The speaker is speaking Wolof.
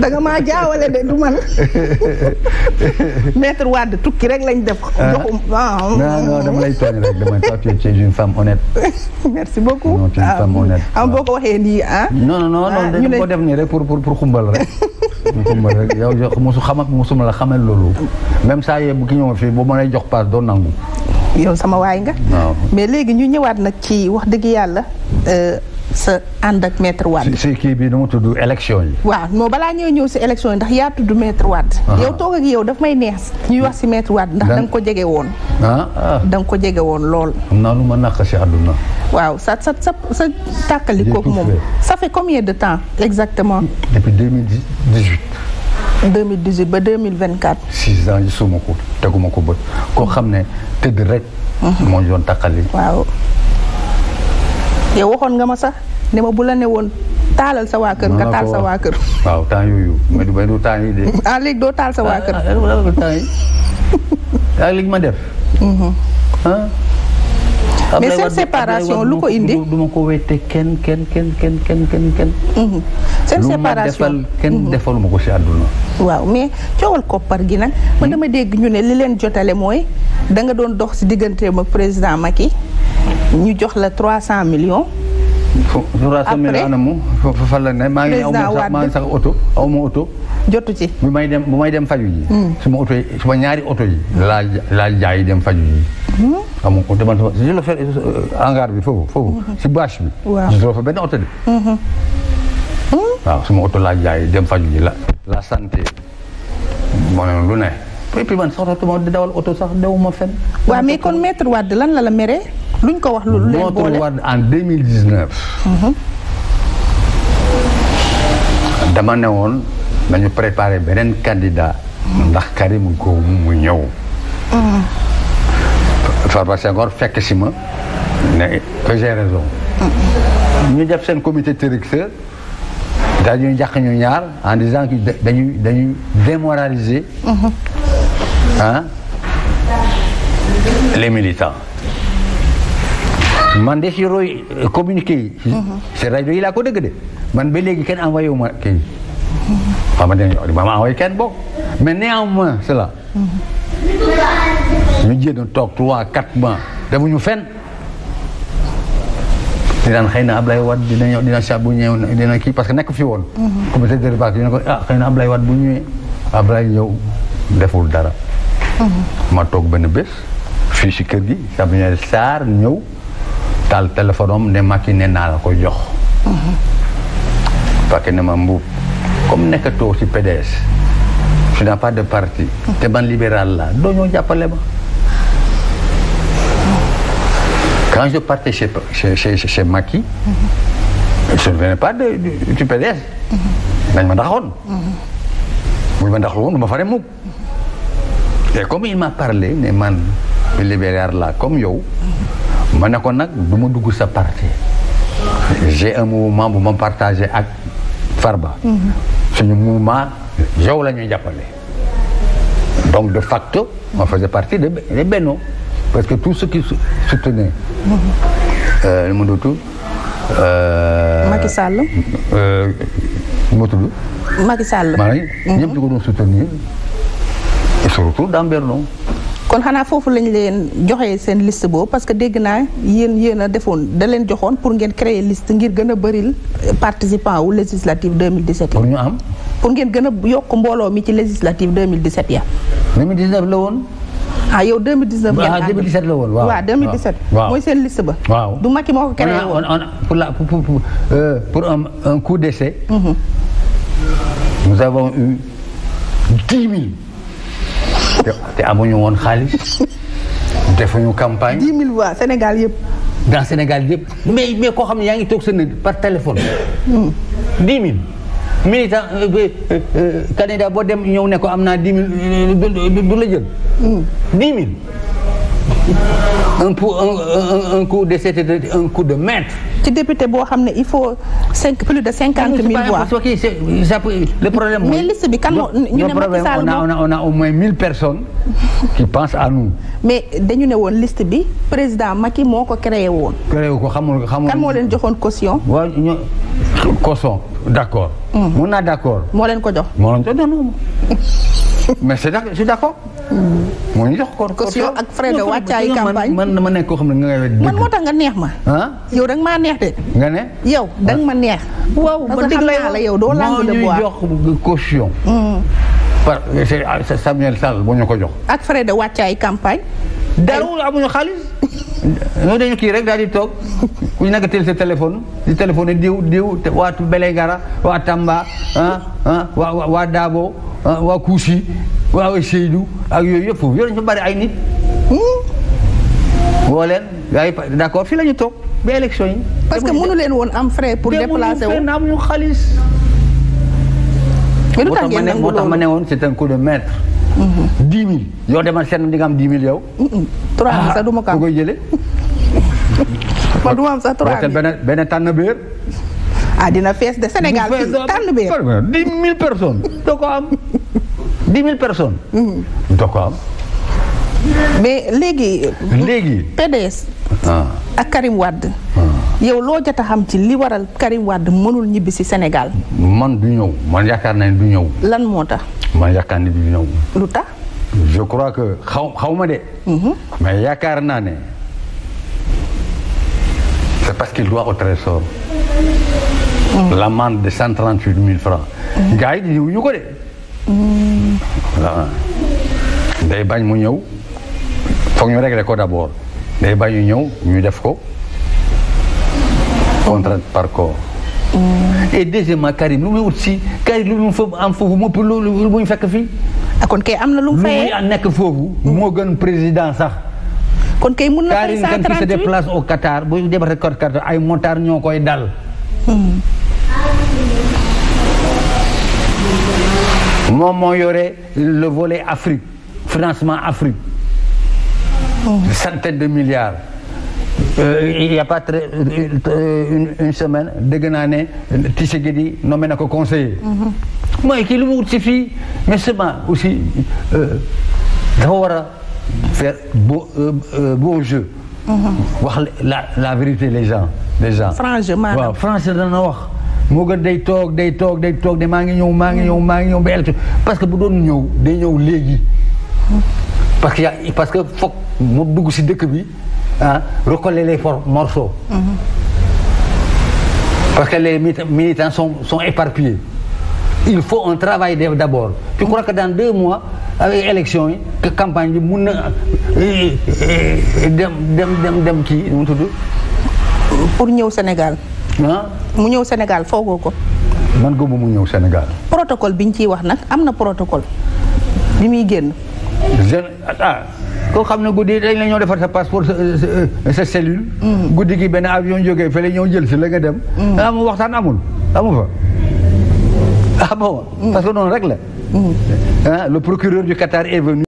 da nga maa jaawale de du man maître Wade tukki rek lañ def. Ah. joxum ah. non dama lay tooñ rek dama toi tu es une femme honnête. merci beaucoup non ah. boo ko waxee nii ah. non non non dañu def nii rek pour pour pour xumbal rek. xumbal rek yow yow mosu xam ak la xamal loolu. même saa yee bu ki ñëwoon fii boo ma lay jox paas doo nangu. yow sama waay nga. mais léegi ñu ñëwaat nag ci wax dëgg yàlla. Euh, sa ànd ak maître Wade. si kii bi nu mu tudd élection yi. waaw non balaa ñëw ñëw si élection yi ndax yaa tudd maître Wade. yow toog ak yow daf may neex. ñuy wax si maître Wade ndax da nga ko jege woon. Ah, ah. danga ko jege woon lool. am naa lu ma naq si àdduna. waaw sa sa sa sa tàkkali kooku moom. sa fait combien de temps exactement. depuis deux mil dix huit. 2018 ba 2024. six ans suma ko teguma ko bët koo xam ne tëdd rek. moo ñu doon tàkkali. waaw. yow waxoon nga ma sax ne ma bu la ne woon taalal sa waa kër nga taal sa waa kër. waaw temps yooyu mais du may du temps yi de. ah léegi doo taal sa waa kër. ak ah, ah, li ma def. Mhm. Ah? mais cette séparation lu ko indi lu ma ko wéete kenn kenn kenn kenn kenn kenn kenn. seen mhm. séparation lu ma defal kenn mhm. defal ma ko si àdduna. waaw mais coowal koppar gi nag. man hmm? dama dégg ñu ne li leen jotale mooy da nga doon dox si digganteem ak président Macky. ñu jox la trois cent millions. après maa ngi sax maa ngi sax oto aw jotu ci bu may dem may dem faju ji. Hmm. su ma yi su ñaari oto yi. laa laa jaay dem faju ji. xam nga oto man si eh, bi foofu foofu hmm. si bâche bi. oto de. Hmm. oto laa jaay dem faju ji la la santé moo ne lu ne. et puis man sax dawal oto sax dawuma fen. waaw mais kon maître Wade lan la la mere. luñ ko wax lu leen boole Wade en 2019. dama ne woon nañu préparé beneen candidat. ndax Karim mu ko mu ñëw. Farba Senghor fekk si ma ne j'ai raison. ñu def seen comité directeur dañuy jàq ñu ñaar en disant que dañuy dañuy démoraliser. ah les militants. man de si roy eh, communiqué yi. Mhm. si rajo yi laa ko dëgg de man ba léegi kenn envoyé ma kii. xam ma envoyé kenn bokk mais toog trois quatre mois demuñu fenn. di daan xëy na Ablaye Wade dina ñëw dina sàb bu ñëw dina que nekk fi woon. comité de ko ah xëy deful dara. ma toog benn bés fii si kër gi Sabiñaay Sarr ñëw. taal ne Macky ne naa la ko jox. parce ne ma mbuub comme nekkatoo ci PDS. je n'ai pas de parti. te man libéral la doo ñoo jàppale ma. quand je partais chez chez chez, ne venais pas de du, PDS. dañ ma ndaxoon. buñ ma ndaxoon du ma fare mukk. et comme il m'a parlé ne man libéral la comme yow. ma ne ko nag du ma dugg sa parti j'ai un mouvement bu ma ak Farba mhm. suñu mouvement yow la ñuy jàppale donc de facto on faisait partie de Benno parce que tout ce qui soutenait lu mhm. euh, euh, euh, mu tudd Macky Sall lu mu tudd Macky Sall maa mhm. ñëpp di ko doon soutenir et surtout dans kon xanaa foofu lañ leen joxe seen liste boobu parce que dégg naa yéen yéen defoon da leen joxoon pour ngeen créer list ngir gën a bëril participant wu législative 2017. pour pour ngeen gën a yokk mbooloo mi ci législative 2017 ya la woon. ah yow 2019. Ah, la woon waaw waaw 2017. waaw mooy seen liste ba. du Macky moo ko créé woon pour la pour pour euh, coup d'essai. Mhm. nous avons eu te amuñu woon xaalis defuñu campagne. 10 000 voix Sénégal yëpp. dans Sénégal yëpp mais koo xam ne yaa ngi toog sa nit par téléphone. 10 hmm. 000. militant euh, euh, euh, candidat boo dem ñëw ne ko am naa 10 000 du la jël. 10 hmm. un coup de un coup ci député boo xam ne il faut cinq plus de cinquante mille voix. le problème mais liste bi kan moo ñu ne Macky Sall on a mais dañu ne woon list bi président Macky moo ko créé woon. créé ko xamul xamul kan moo leen joxoon caution. waaw ñoo caution d' accord. Hmm. mun naa d' accord. moo leen ko jox. moo leen mais c' est d' accord. Mm. moo ñu jox ko. caution ak frais de wàccaayu campagne man ma nekk koo xam ne nga moo tax nga neex ma. ah yow da maa neex de. nga ne yow da ma neex. waaw ma dig la yow doo langue de bois moo ñu jox caution. Mm. par ah, c'est Samuel Sall moo ñu ko jox. ak frais de wàccaayu campagne. darawul amuñu xaalis. ñoo dañu kii rek daal di toog ku nekk teel sa téléphone di téléphone diw diw waa Belengara waa Tamba ah ah waa waa Dabo ah, waa Kousi waaw ay Seydou yooyu yëpp yooyu bari ay nit hmm? woo leen waaye d'accord fii la ñu toog ba élection yi. parce que mënu leen woon am frais pour déplacer woon am ñu xaalis. mais lu ma ne woon c'est un coup de mm-hmm. dix mille yoo demal seen di am dix mille yow. trois mille ah, sax du ma du ma am sax trois mille benn beer. ah dina fees de Sénégal fii tànn beer. dix mille personnes doo am. dix mille personnes. da ko am. mais léegi. léegi PDS. Ah. ak Karim Wade. Ah. yow loo jot a xam ci li waral Karim wàdd mënul ñibbi si Sénégal. man du ñëw man yaakaar naa ne du ñëw. lan moo tax. man yaakaar ni du ñëw. lu tax. je crois que xaw xaw ma de. Mm-hmm. mais yaakaar naa ne c'est parce qu'il doit au la mm. l'amende de cent trente francs. Mm. gars yi di ñu ko de. Mm. waaw ah. day bañ mu ñëw foog ñu régler ko d'abord day bañ yu ñëw ñu def ko contrainte par corps mm. et deuxièmement Karim lu muy wut si Karim lu mu fa am foofu mopp lu mu fekk fii. Ah, kon kay am na lu mu fayee lu muy nekk foofu. Mm. moo gën président sax. kon kay mun na fay 138 Karim kan qui se déplace au Qatar ay motards ñoo koy dal. Mm. moom moo yore le volet Afrique financement Afrique. Oh. centaine de milliards. Euh, il y a pas très euh, une, une semaine dégg naa ne Tshisekedi nommé na ko conseiller. Mm-hmm. mooy kii lu mu wut si fii mais seulement aussi euh, dafa war a faire beau euh, beau jeu. Mm-hmm. wax la la vérité les gens les gens. franc jeu maanaam waaw franc jeu dana wax. moo gën day toog day toog day toog de maa ngi ñëw maa ngi ñëw maa ngi ñëw ba élection parce que bu doon ñëw day ñëw léegi parce que y parce que foog mu dugg si dëkk bi ah recoller les for morceaux parce que les militants sont sont éparpillés il faut un travail def d'abord tu crois que dans deux mois avec élection yi que campagne bi mun na euh, euh, euh, dem dem dem dem kii nu mu tudd pour ñëw Sénégal ah. mu ñëw Sénégal foogoo ko. man gëmu mu ñëw Sénégal. protocole bi ñu ciy wax nag am na protocole bi muy génn. jeune ah, ah. koo xam ne guddi dañ la ñoo defar sa passeport sa cellule. Mm. guddi gi benn avion jógee fa ñoo jël si la nga dem. Mm. ah mu waxtaan amul amu fa. ah bon mm. parce que noonu la. le procureur du Qatar est